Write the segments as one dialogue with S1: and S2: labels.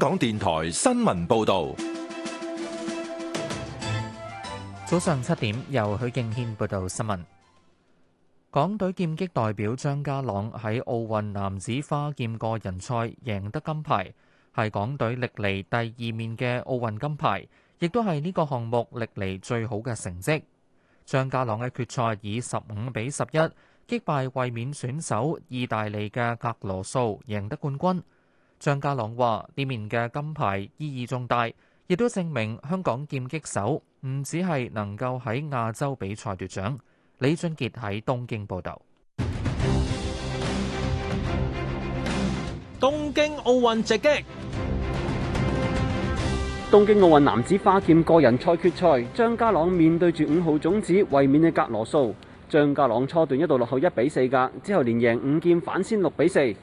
S1: 港電台新聞報道：
S2: 早上七點，由許敬軒報道新聞。港隊劍擊代表張家朗喺奧運男子花劍個人賽贏得金牌，係港隊歷嚟第二面嘅奧運金牌，亦都係呢個項目歷嚟最好嘅成績。張家朗嘅決賽以十五比十一擊敗衛冕選手意大利嘅格羅素，贏得冠軍。張家朗話，呢面嘅金牌意義重大，亦都證明香港劍擊手唔止係能夠喺亞洲比賽奪獎。李俊杰喺東京報道。東京奧
S1: 運直擊，東京奧運男子花劍個人賽決賽，張家朗面對住五號種子衛冕嘅格羅素。張家朗初段一度落後一比四㗎，之後連贏五劍反先六比四。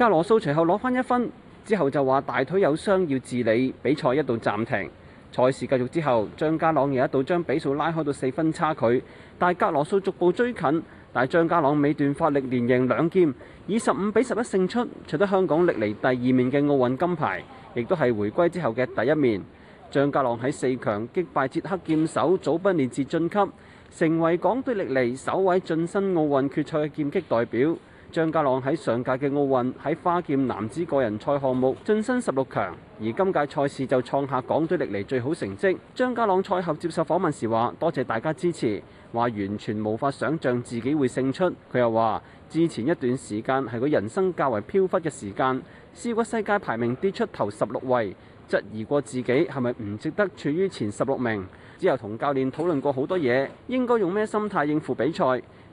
S1: 格羅素隨後攞翻一分，之後就話大腿有傷要治理，比賽一度暫停。賽事繼續之後，張家朗又一度將比數拉開到四分差距，但係格羅素逐步追近，但係張家朗尾段發力連贏兩劍，以十五比十一勝出，取得香港歷嚟第二面嘅奧運金牌，亦都係回歸之後嘅第一面。張家朗喺四強擊敗捷克劍手祖不列治晉級，成為港隊歷嚟首位晉身奧運決賽嘅劍擊代表。張家朗喺上屆嘅奧運喺花劍男子個人賽項目晉身十六強，而今屆賽事就創下港隊歷嚟最好成績。張家朗賽後接受訪問時話：多謝大家支持，話完全無法想象自己會勝出。佢又話：之前一段時間係佢人生較為飄忽嘅時間，試過世界排名跌出頭十六位，質疑過自己係咪唔值得處於前十六名。之後同教練討論過好多嘢，應該用咩心態應付比賽。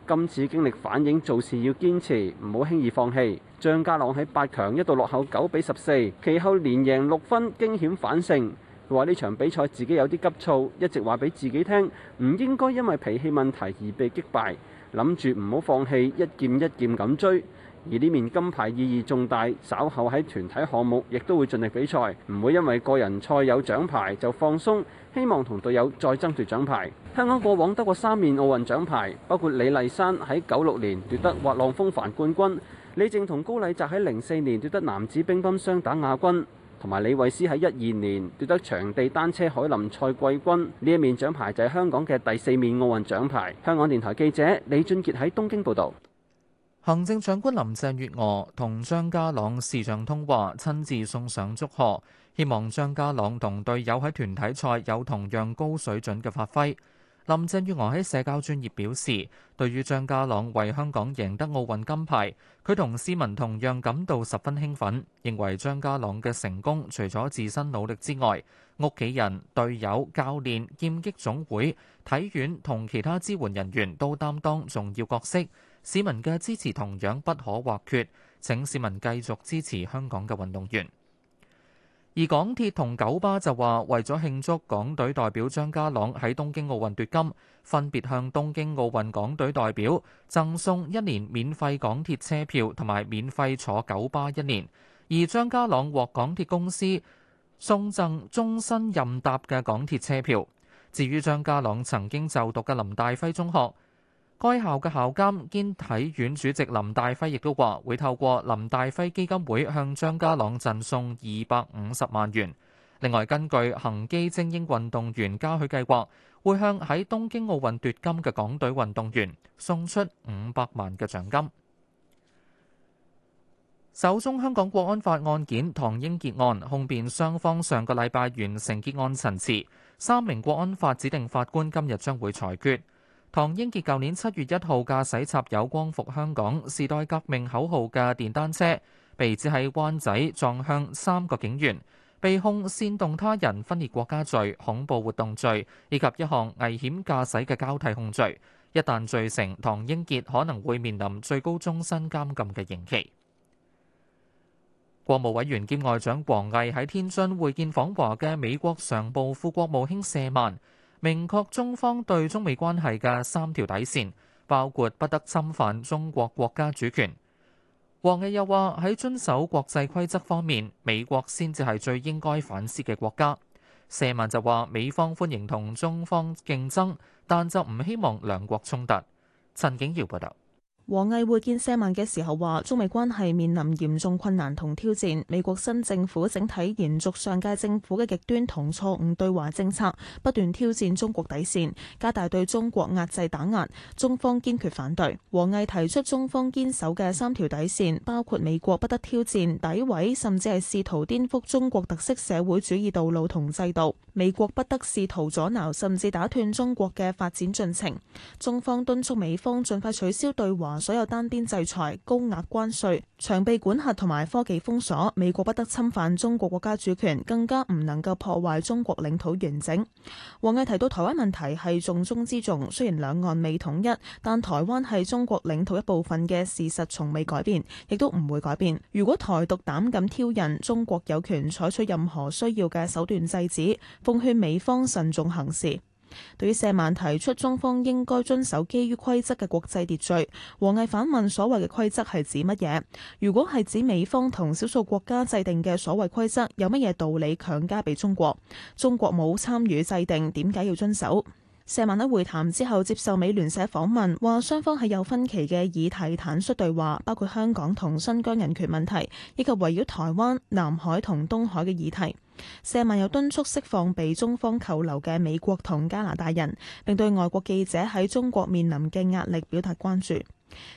S1: 今次經歷反映做事要堅持，唔好輕易放棄。張家朗喺八強一度落後九比十四，其後連贏六分，驚險反勝。佢話呢場比賽自己有啲急躁，一直話俾自己聽，唔應該因為脾氣問題而被擊敗，諗住唔好放棄，一劍一劍咁追。而呢面金牌意義重大，稍後喺團體項目亦都會盡力比賽，唔會因為個人賽有獎牌就放鬆，希望同隊友再爭奪獎牌。香港過往得過三面奧運獎牌，包括李麗珊喺九六年奪得滑浪風帆冠軍，李靜同高禮澤喺零四年奪得男子乒乓球雙打亞軍，同埋李慧詩喺一二年奪得場地單車凱林賽季軍。呢一面獎牌就係香港嘅第四面奧運獎牌。香港電台記者李俊傑喺東京報導。
S2: 行政長官林鄭月娥同張家朗視像通話，親自送上祝賀，希望張家朗同隊友喺團體賽有同樣高水準嘅發揮。林鄭月娥喺社交專頁表示，對於張家朗為香港贏得奧運金牌，佢同市民同樣感到十分興奮，認為張家朗嘅成功除咗自身努力之外，屋企人、隊友、教練、劍擊總會、體院同其他支援人員都擔當重要角色。市民嘅支持同樣不可或缺，請市民繼續支持香港嘅運動員。而港鐵同九巴就話，為咗慶祝港隊代表張家朗喺東京奧運奪金，分別向東京奧運港隊代表贈送一年免費港鐵車票同埋免費坐九巴一年。而張家朗獲港鐵公司送贈終身任搭嘅港鐵車票。至於張家朗曾經就讀嘅林大輝中學。該校嘅校監兼體院主席林大輝亦都話，會透過林大輝基金會向張家朗贈送二百五十萬元。另外，根據恒基精英運動員嘉許計劃，會向喺東京奧運奪金嘅港隊運動員送出五百萬嘅獎金。首宗香港國安法案件唐英傑案，控辯雙方上個禮拜完成結案陳詞，三名國安法指定法官今日將會裁決。唐英傑舊年七月一號駕駛插有光復香港、時代革命口號嘅電單車，被指喺灣仔撞向三個警員，被控煽動他人分裂國家罪、恐怖活動罪以及一項危險駕駛嘅交替控罪。一旦罪成，唐英傑可能會面臨最高終身監禁嘅刑期。國務委員兼外長王毅喺天津會見訪華嘅美國常務副國務卿謝曼。明確中方對中美關係嘅三條底線，包括不得侵犯中國國家主權。王毅又話喺遵守國際規則方面，美國先至係最應該反思嘅國家。社民就話美方歡迎同中方競爭，但就唔希望兩國衝突。陳景耀報道。
S3: 王毅會見舍曼嘅時候話：中美關係面臨嚴重困難同挑戰，美國新政府整體延續上屆政府嘅極端同錯誤對華政策，不斷挑戰中國底線，加大對中國壓制打壓。中方堅決反對。王毅提出中方堅守嘅三條底線，包括美國不得挑戰、詆毀甚至係試圖顛覆中國特色社會主義道路同制度；美國不得試圖阻撓甚至打斷中國嘅發展進程。中方敦促美方盡快取消對華。所有單邊制裁、高額關稅、長臂管轄同埋科技封鎖，美國不得侵犯中國國家主權，更加唔能夠破壞中國領土完整。王毅提到台灣問題係重中之重，雖然兩岸未統一，但台灣係中國領土一部分嘅事實從未改變，亦都唔會改變。如果台獨膽敢挑釁，中國有權採取任何需要嘅手段制止，奉勸美方慎重行事。對於謝曼提出中方應該遵守基於規則嘅國際秩序，王毅反問：所謂嘅規則係指乜嘢？如果係指美方同少數國家制定嘅所謂規則，有乜嘢道理強加俾中國？中國冇參與制定，點解要遵守？舍曼喺會談之後接受美聯社訪問，話雙方係有分歧嘅議題坦率對話，包括香港同新疆人權問題，以及圍繞台灣、南海同東海嘅議題。舍曼又敦促釋放被中方扣留嘅美國同加拿大人，並對外國記者喺中國面臨嘅壓力表達關注。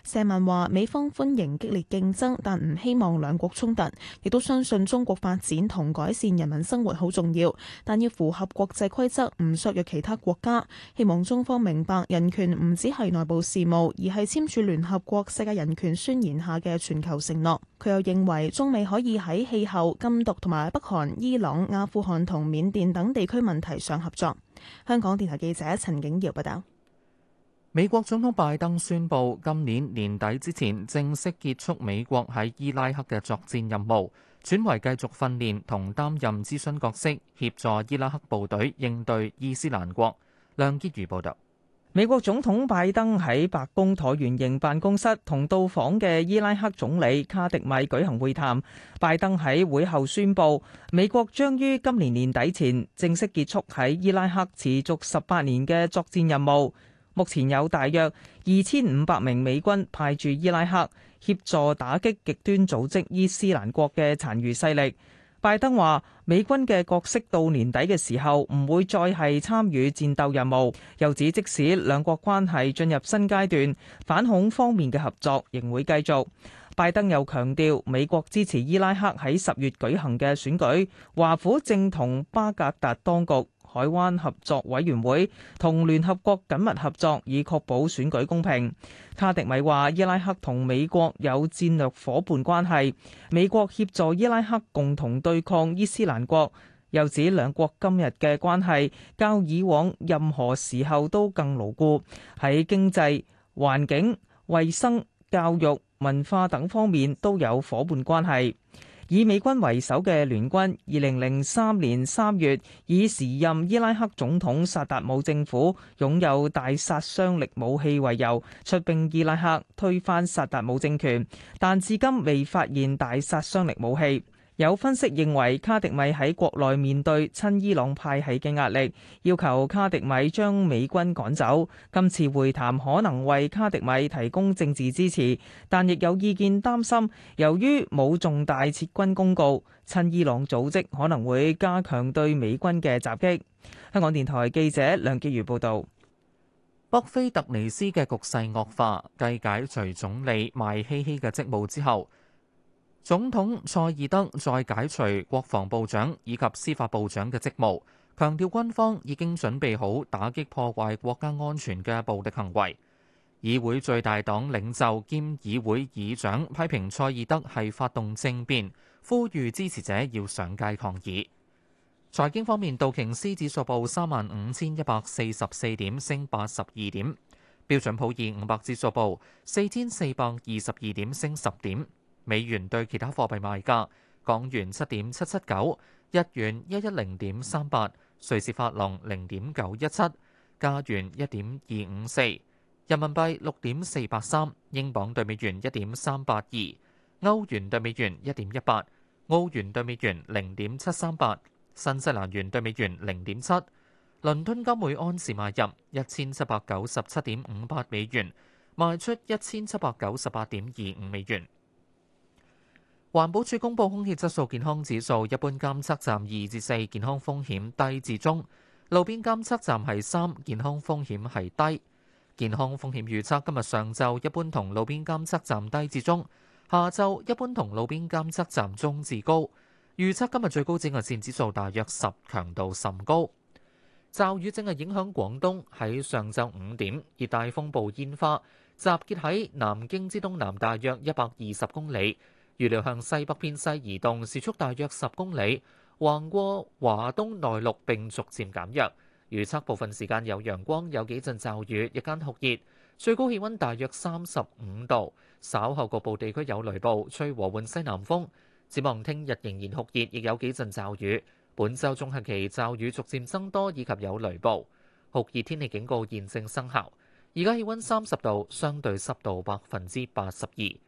S3: 舍曼話：美方歡迎激烈競爭，但唔希望兩國衝突，亦都相信中國發展同改善人民生活好重要，但要符合國際規則，唔削弱其他國家。希望中方明白人權唔只係內部事務，而係簽署聯合國世界人權宣言下嘅全球承諾。佢又認為中美可以喺氣候、禁毒同埋北韓、伊朗、阿富汗同緬甸等地區問題上合作。香港電台記者陳景堯報道。
S2: 美國總統拜登宣布，今年年底之前正式結束美國喺伊拉克嘅作戰任務，轉為繼續訓練同擔任諮詢角色，協助伊拉克部隊應對伊斯蘭國。梁潔如報道。美國總統拜登喺白宮橢圓形辦公室同到
S4: 訪嘅伊拉克總理卡迪米舉行會談。拜登喺會後宣布，美國將於今年年底前正式結束喺伊拉克持續十八年嘅作戰任務。目前有大約二千五百名美軍派駐伊拉克，協助打擊極端組織伊斯蘭國嘅殘餘勢力。拜登話，美軍嘅角色到年底嘅時候唔會再係參與戰鬥任務，又指即使兩國關係進入新階段，反恐方面嘅合作仍會繼續。拜登又強調美國支持伊拉克喺十月舉行嘅選舉，華府正同巴格達當局，海灣合作委員會同聯合國緊密合作，以確保選舉公平。卡迪米話：伊拉克同美國有戰略伙伴關係，美國協助伊拉克共同對抗伊斯蘭國。又指兩國今日嘅關係，較以往任何時候都更牢固，喺經濟、環境、衛生、教育、文化等方面都有伙伴關係。以美軍為首嘅聯軍，二零零三年三月以時任伊拉克總統薩達姆政府擁有大殺傷力武器為由，出兵伊拉克推翻薩達姆政權，但至今未發現大殺傷力武器。有分析認為，卡迪米喺國內面對親伊朗派系嘅壓力，要求卡迪米將美軍趕走。今次會談可能為卡迪米提供政治支持，但亦有意見擔心，由於冇重大撤軍公告，親伊朗組織可能會加強對美軍嘅襲擊。香港電台記者梁潔如報導，
S2: 北非突尼斯嘅局勢惡化，繼解除總理邁希希嘅職務之後，總統蔡爾德再解除國防部長以及司法部長嘅職務，強調軍方已經準備好打擊破壞國家安全嘅暴力行為。議會最大黨領袖兼議會議長批評蔡爾德係發動政變，呼籲支持者要上街抗議。財經方面，道瓊斯指數報三萬五千一百四十四點，升八十二點；標準普爾五百指數報四千四百二十二點，升十點。美元對其他貨幣賣價：港元七點七七九，日元一一零點三八，瑞士法郎零點九一七，加元一點二五四，人民幣六點四八三，英鎊對美元一點三八二，歐元對美元一點一八，澳元對美元零點七三八，新西蘭元對美元零點七。倫敦金每安時買入一千七百九十七點五八美元，賣出一千七百九十八點二五美元。環保署公布空氣質素健康指數，一般監測站二至四，健康風險低至中；路邊監測站係三，健康風險係低。健康風險預測今日上晝一般同路邊監測站低至中，下晝一般同路邊監測站中至高。預測今日最高紫外線指數大約十，強度甚高。驟雨正係影響廣東，喺上晝五點，熱帶風暴煙花集結喺南京之東南，大約一百二十公里。預料向西北偏西移動，時速大約十公里，橫過華東內陸並逐漸減弱。預測部分時間有陽光，有幾陣驟雨，日間酷熱，最高氣温大約三十五度。稍後局部地區有雷暴，吹和緩西南風。展望聽日仍然酷熱，亦有幾陣驟雨。本週中後期驟雨逐漸增多，以及有雷暴。酷熱天氣警告現正生效。而家氣温三十度，相對濕度百分之八十二。